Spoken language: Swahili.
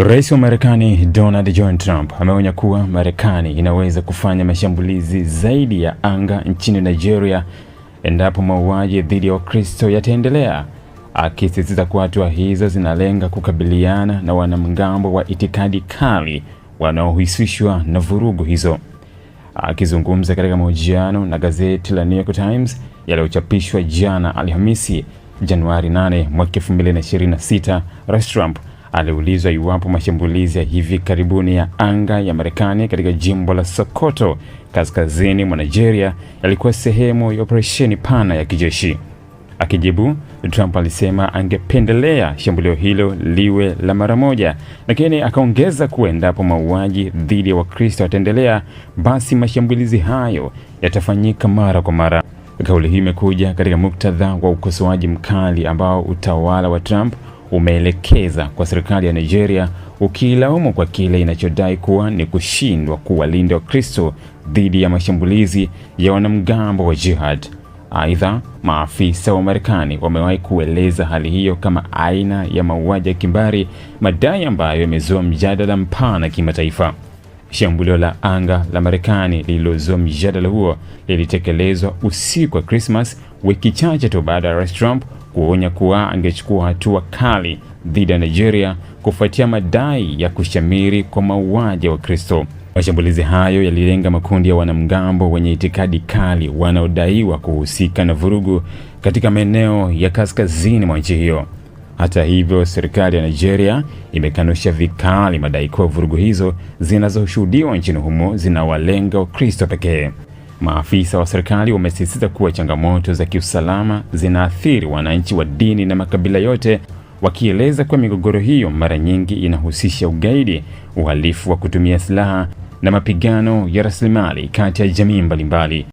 Rais wa Marekani Donald John Trump ameonya kuwa Marekani inaweza kufanya mashambulizi zaidi ya anga nchini Nigeria endapo mauaji dhidi ya Wakristo yataendelea, akisisitiza kuwa hatua hizo zinalenga kukabiliana na wanamgambo wa itikadi kali wanaohusishwa na vurugu hizo. Akizungumza katika mahojiano na gazeti la New York Times yaliyochapishwa jana Alhamisi, Januari 8 mwaka 2026, Rais Trump aliulizwa iwapo mashambulizi ya hivi karibuni ya anga ya Marekani katika jimbo la Sokoto kaskazini mwa Nigeria yalikuwa sehemu ya operesheni pana ya kijeshi. Akijibu, Trump alisema angependelea shambulio hilo liwe la mara moja, lakini akaongeza kuwa endapo mauaji dhidi ya Wakristo yataendelea, basi mashambulizi hayo yatafanyika mara kwa mara. Kauli hii imekuja katika muktadha wa ukosoaji mkali ambao utawala wa Trump umeelekeza kwa serikali ya Nigeria ukiilaumu kwa kile inachodai kuwa ni kushindwa kuwalinda Wakristo dhidi ya mashambulizi ya wanamgambo wa jihad. Aidha, maafisa wa Marekani wamewahi kueleza hali hiyo kama aina ya mauaji ya kimbari, madai ambayo yamezua mjadala mpana kimataifa. Shambulio la anga la Marekani lililozua mjadala huo lilitekelezwa usiku wa Krismas, wiki chache tu baada ya Rais Trump kuonya kuwa angechukua hatua kali dhidi ya Nigeria kufuatia madai ya kushamiri kwa mauaji ya Wakristo. Mashambulizi hayo yalilenga makundi ya wanamgambo wenye itikadi kali wanaodaiwa kuhusika na vurugu katika maeneo ya kaskazini mwa nchi hiyo. Hata hivyo, serikali ya Nigeria imekanusha vikali madai kuwa vurugu hizo zinazoshuhudiwa nchini humo zinawalenga Wakristo pekee. Maafisa wa serikali wamesisitiza kuwa changamoto za kiusalama zinaathiri wananchi wa dini na makabila yote, wakieleza kuwa migogoro hiyo mara nyingi inahusisha ugaidi, uhalifu wa kutumia silaha na mapigano ya rasilimali kati ya jamii mbalimbali.